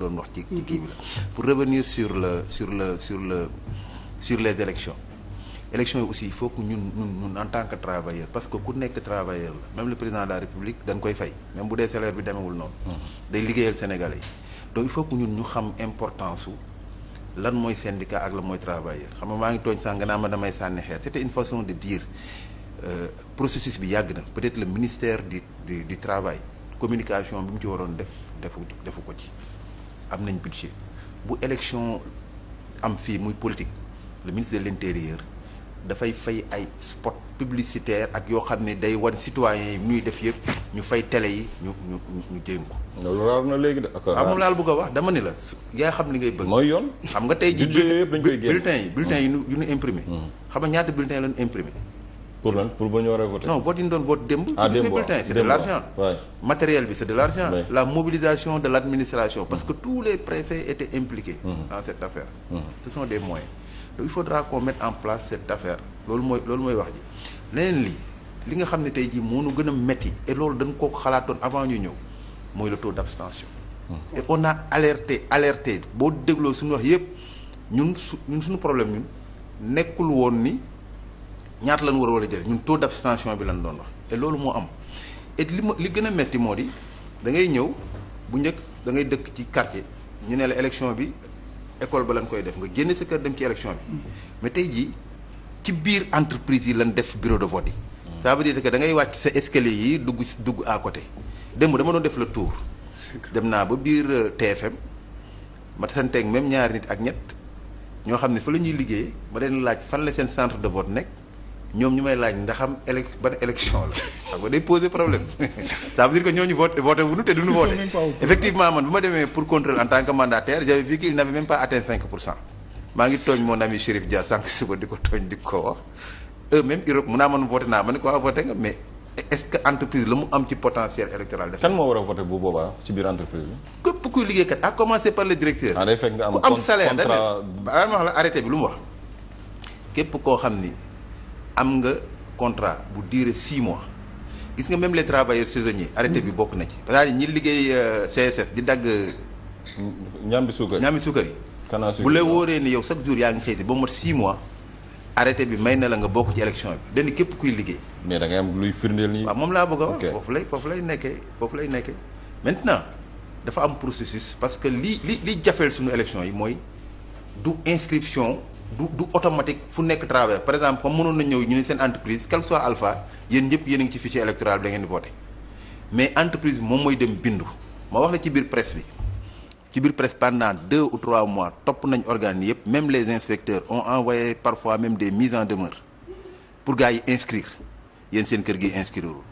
doon wax ci ci kii bi la pour revenir sur le sur le sur le sur les élections élections yi aussi il faut que ñun ñun en tant que travailleur parce que ku nekk travailleur la même le président de la république dañ koy fay même bu dee salaire bi demewul noonu mm-hmm. day liggéeyal sénégalais yi donc il faut que ñun ñu xam importance su lan mooy syndicat ak la mooy travailleur xam nga maa ngi tooñ sax nga naa ma damay sànni xeer c'était une façon de dire euh, processus bi yàgg na peut-être le ministère du du du travail communication bi mu ci waroon def defu defu ko ci am nañ budget bu élection am fii muy politique le ministre de l'intérieur dafay fay ay spot publicitaire ak yoo xam ne day wan citoyens yi ñuy def yëpp ñu fay télé yi ñu ñu ñu jéem ko. loolu raar na léegi de. amul laal bëgg a wax dama ni la yaa xam li ngay bëgg. mooy yoon xam nga tey jii. bulletin yi bulletin mm. yi nu yu nu imprimé. Mm. xam nga ñaata bulletin lañu imprimé. pour lan pour ba ñu war a voter. non vote yi ñu doon vote démb. ah de l'argent matériel bi c'est de l'argent la mobilisation de l'administration parce que tous les préfets étaient impliqués. Mm-hmm. dans cette affaire. Mm-hmm. ce sont des moyens donc il faudra qu'on mette en place cette affaire loolu mooy loolu mooy wax ji leneen lii li nga xam ne tey jii moo nu gën a metti et loolu dañ ko xalaatoon avant ñu ñëw mooy la taux d'abstention. Mm-hmm. et on a alerté alerté boo dégloo suñu wax yépp ñun su ñun suñu problème ñun nekkul woon ni. ñaata lañ war a war a jël ñun taux d'abstention bi lan doon wax loolu moo am li ma li gën a metti moo di da ngay ñëw bu njëkk da ngay dëkk ci quartier ñu ne la élection bi ecole ba lañ koy def nga génn sa kër dem ci élection bi mais tey jii ci biir entreprise yi lañ def bureau de vote yi. Mm. ça veut dire dangay da ngay wàcc sa escalier yi dugg si dugg à côté démb dama doon def le tour. dem naa ba biir euh, TFM ma tasanteeg même ñaari nit ak ñett ñoo xam ne fa la ñuy liggéey ma leen laaj fan la seen centre de vote nekk. ñoom ñu may laaj ndaxam élec ban élection la xam nga day poser problème ça veut dire que ñooñu voté voté wuñu te duñu voté effectivement man bu ma demee pour contrôle en tant que mandataire j'avais vu qu'il n'avait même pas atteint 5 pour cent maa ngi tooñ mon ami Chérif Dia sànq suba di ko tooñ di ko wax eux même Europe mun naa man voté naa ma ne ko waaw voté nga mais est-ce que entreprise la mu am ci potentiel électoral def kan moo war a voté bu boobaa ci biir entreprise bi képp kuy liggéeykat à ah, la arrêté bi lu mu képp koo xam ni am nga contrat bu diire six mois gis nga même les travailleurs saisonniers arrêté bi bokk na ci c'est-à-dire ñi euh, di dagg ñaambi suukar ñaambi suukar yi bu la wóoree ni yow chaque jour yaa ngi xëy si ba mot six mois arrêté bi may na la nga bokk ci bi dañu képp kuy liggéey mais da ngay am luy firndeel nii moom laa bëgg a wax lay nekkee foofu lay nekkee maintenant dafa am processus parce que li li li jafeel suñu élection yi mooy du inscription du du automatique fu nekk travers par exemple comme mënoon na ñëw ñu ni seen entreprise quel soit alpha yéen ñëpp yéen a ngi ci fichier électoral bi da ngeen di voté mais entreprise moom mooy dem bindu ma wax la ci biir presse bi ci biir presse pendant deux ou trois mois topp nañ organes yëpp même les inspecteurs ont envoyé parfois même des mises en demeure pour gars yi inscrire yéen seen kër gi inscrirewul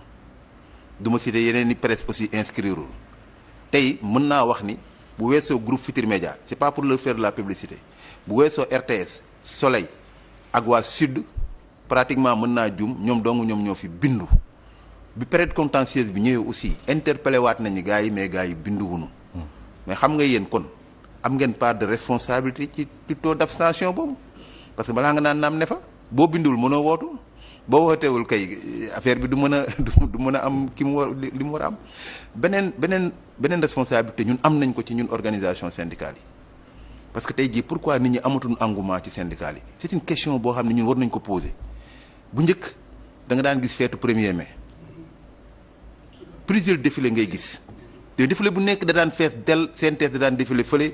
du ma citer yeneen i presse aussi inscrirewul tey mën naa wax ni bu weesoo groupe Futur Média c'est pas pour leur faire la publicité bu weesoo RTS soleil ak waa sud pratiquement mën naa juum ñoom dong ñoom ñoo fi bindu bi période contentieuse bi ñëwee aussi interpellé waat nañu gars yi mais gars yi bindu wuñu mais xam nga yéen kon am ngeen part de responsabilité ci ci taux d' abstention boobu parce que balaa nga naan naam ne fa boo binduwul mënoo wootu boo wootewul kay affaire bi du mën a du mën a am ki mu war li mu war a am beneen beneen beneen responsabilité ñun am nañ ko ci ñun organisation syndicale yi. parce que tey jii pourquoi nit ñi amatul engouement ci syndicat yi c'est une question boo xam ne ñun war nañ ko poser bu njëkk da nga daan gis feetu premier mai plusieurs défilé ngay gis te défilé bu nekk da daan fees del CNTS da daan défilé fële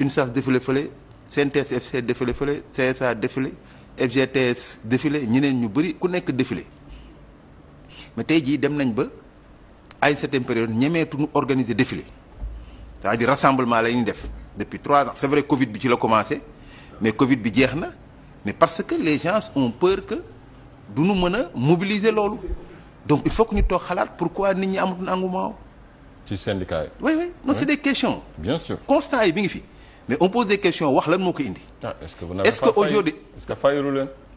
UNSAS défilé fële CNTS FC défilé fële CSA défilé FGTS défilé ñeneen ñu bëri ku nekk défilé ma tey jii dem nañ ba ay certaine période ñemeetuñu organiser défilé c'est-à-dire rassemblement la ñuy def depuis trois ans c'est vrai Covid bi ci la commencé mais Covid bi jeex na mais parce que les gens ont peur que du ñu mën a mobiliser loolu donc il faut que ñu toog xalaat pourquoi nit ñi amatul engouement. ci syndicat yi. oui oui non oui. c'est des questions. bien yi bi ngi fi mais on pose des questions wax lan moo ko indi. Ah, est-ce que vous n'avez pas failli est-ce que aujourd'hui est-ce que fayiru leen.